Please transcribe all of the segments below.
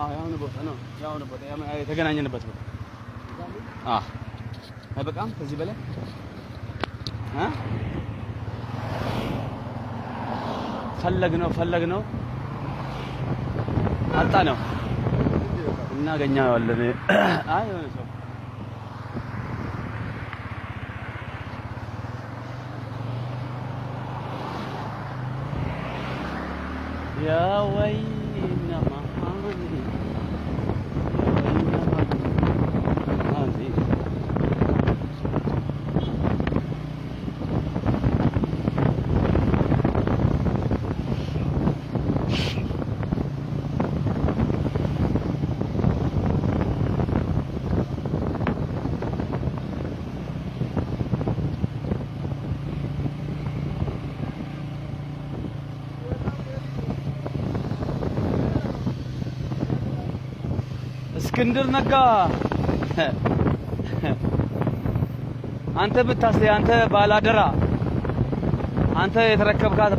አዎ ቦታ ነው ቦታ የተገናኘንበት ቦታ አይበቃም ከዚህ በላይ እ ፈለግነው ፈለግነው አጣነው እናገኘዋለን ያ ወይ እስክንድር ነጋ አንተ ብታስ አንተ ባላደራ አንተ የተረከብካት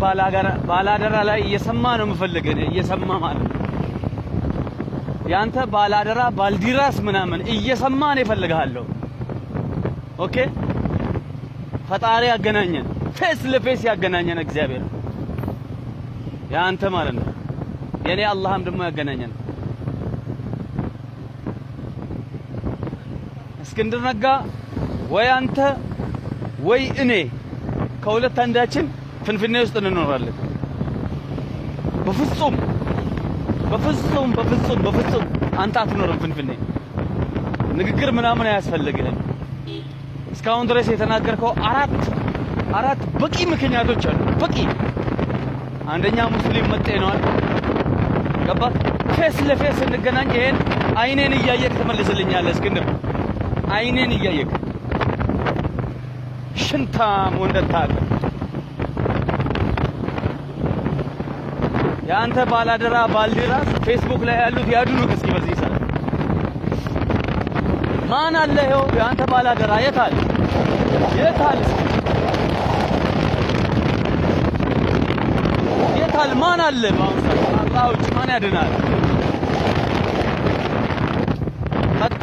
ባላደራ ላይ እየሰማ ነው የምፈልግ እየሰማ ማለት ያንተ ባላደራ ባልዲራስ ምናምን እየሰማ ነው እፈልግሃለሁ። ኦኬ ፈጣሪ ያገናኘን፣ ፌስ ለፌስ ያገናኘን እግዚአብሔር ያንተ ማለት ነው። የኔ አላህም ደግሞ ያገናኘን። እስክንድር ነጋ ወይ አንተ ወይ እኔ ከሁለት አንዳችን ፍንፍኔ ውስጥ እንኖራለን። በፍጹም በፍጹም በፍጹም በፍጹም አንተ አትኖርም ፍንፍኔ። ንግግር ምናምን አያስፈልግህም። እስካሁን ድረስ የተናገርከው አራት አራት በቂ ምክንያቶች አሉ። በቂ አንደኛ ሙስሊም መጤ ነው አልኩህ። ፌስ ለፌስ እንገናኝ። ይሄን አይኔን እያየህ ትመልስልኛለህ እስክንድር አይኔን እያየክ ሽንታም ወንደታል ታውቅ የአንተ ባላደራ ባልደራስ ፌስቡክ ላይ ያሉት ያድኑክ እስኪ በዚህ ሰዓት ማን አለ? ይኸው የአንተ ባላደራ የት አለ? የት አለ? የት አለ? ማን አለ? በአሁኑ ሰዓት አላህ ማን ያድናል?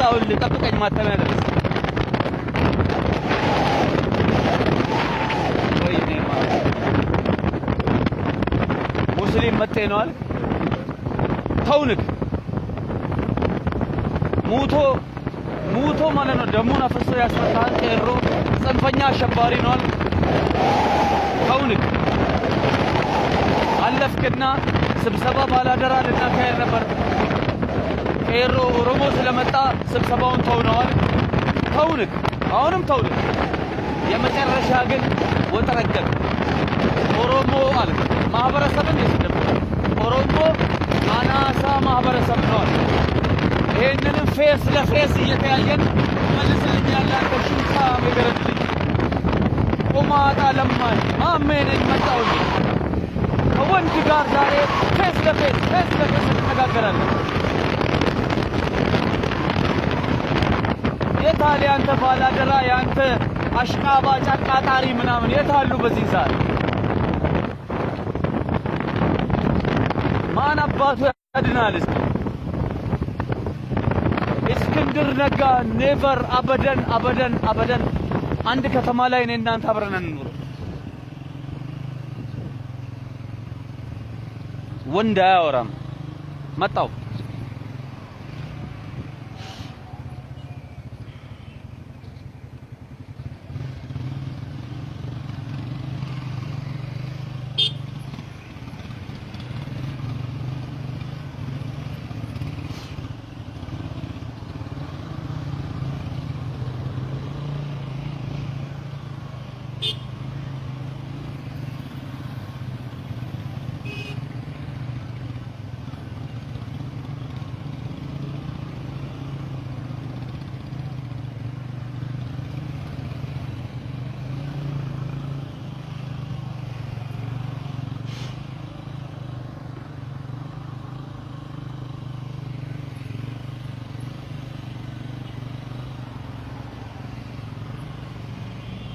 አሁን ልጠብቀኝ ማተሚያ ድረስ ሙስሊም መጤ ነዋል። ተውንክ ሙቶ ሙቶ ማለት ነው። ደሙን አፍሶ ያስፈታል። ቄሮ ጽንፈኛ አሸባሪ ነው አልክ ተውንክ አለፍክና ስብሰባ ባላደራ ልናካሄድ ነበር። ኤሮ ኦሮሞ ስለመጣ ስብሰባውን ተውነዋል። ተውንክ፣ አሁንም ተውንክ። የመጨረሻ ግን ወጠረገብ ኦሮሞ አለ ማህበረሰብን የስድብ ኦሮሞ አናሳ ማህበረሰብ ነዋል። ይህንንም ፌስ ለፌስ እየተያየን መልስልኝ ያላንተ ሽንታ ይገረድልኝ ቁማጣ ለማን አሜነኝ መጣው ከወንድ ጋር ዛሬ ፌስ ለፌስ ፌስ ለፌስ እንነጋገራለን። ይባል ያንተ ባላደራ ያንተ አሽቃባ ጫቃጣሪ ምናምን የት አሉ በዚህ ሰዓት? ማን አባቱ ያድናል? እስኪ እስክንድር ነጋ ኔቨር አበደን አበደን አበደን። አንድ ከተማ ላይ እኔ እናንተ አብረን እንኑር። ወንድ አያወራም መጣው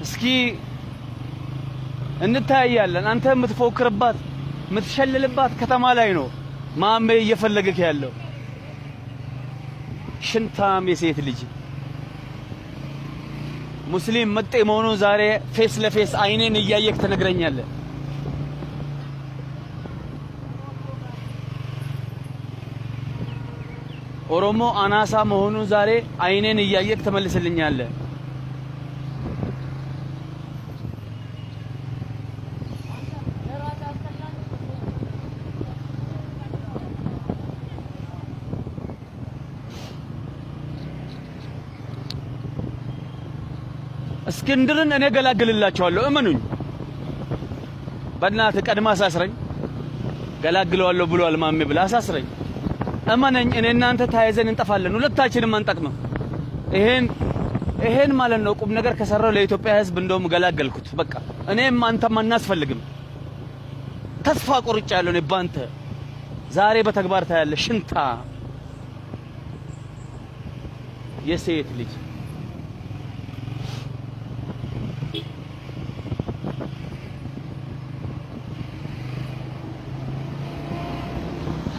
እስኪ እንታያያለን። አንተ የምትፎክርባት የምትሸልልባት ከተማ ላይ ነው ማሜ እየፈለገክ ያለው ሽንታም የሴት ልጅ ሙስሊም መጤ መሆኑን ዛሬ ፌስ ለፌስ አይኔን እያየክ ትነግረኛለህ። ኦሮሞ አናሳ መሆኑን ዛሬ አይኔን እያየክ ትመልስልኛለህ። እስክንድርን እኔ ገላግልላቸዋለሁ። እመኑኝ። በእናትህ ቀድማ አሳስረኝ ገላግለዋለሁ ብሏል ማሜ ብላ አሳስረኝ። እመነኝ፣ እኔ እናንተ ተያይዘን እንጠፋለን፣ ሁለታችንም አንጠቅምም። ይሄን ይሄን ማለት ነው ቁም ነገር ከሰራው ለኢትዮጵያ ሕዝብ እንደውም ገላገልኩት። በቃ እኔም አንተም አናስፈልግም። ተስፋ ያለው እኔ ባንተ። ዛሬ በተግባር ታያለህ። ሽንታ የሴት ልጅ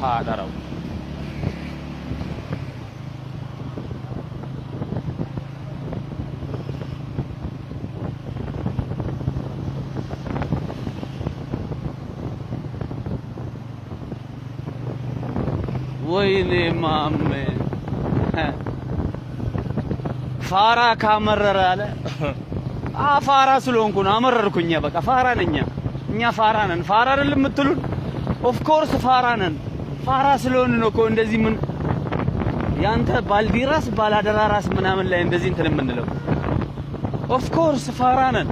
হ্যাঁ দাঁড়াও ወይኔ ማሜ ፋራ ካመረረ አለ። ፋራ ስለሆንኩ ነው አመረርኩኝ። በቃ ፋራ ነኝ። እኛ ፋራ ነን። ፋራ አይደለም የምትሉን? ኦፍ ኮርስ ፋራ ነን። ፋራ ስለሆን ነው እኮ እንደዚህ ምን ያንተ ባልዲራስ ባላደራ ራስ ምናምን ላይ እንደዚህ እንትን የምንለው። ኦፍ ኮርስ ፋራ ነን።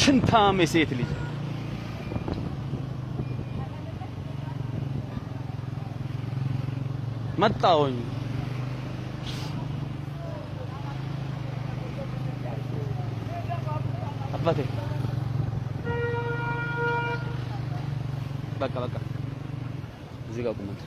ሽንታም የሴት ልጅ መጣውኝ። Guardate. Baka baka. Ziga kumanda.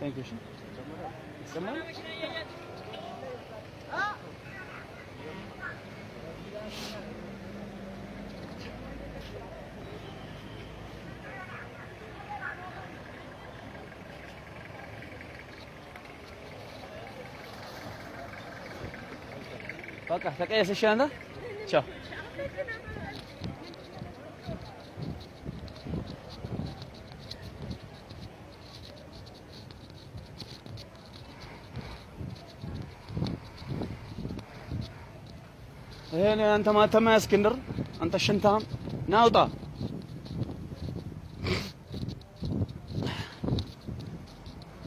Thank you. Samara? Samara? Pak, tak je se šanda? Čo? هنا انت ما تم يا اسكندر انت الشنتام ناوطه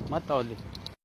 ما تطول لي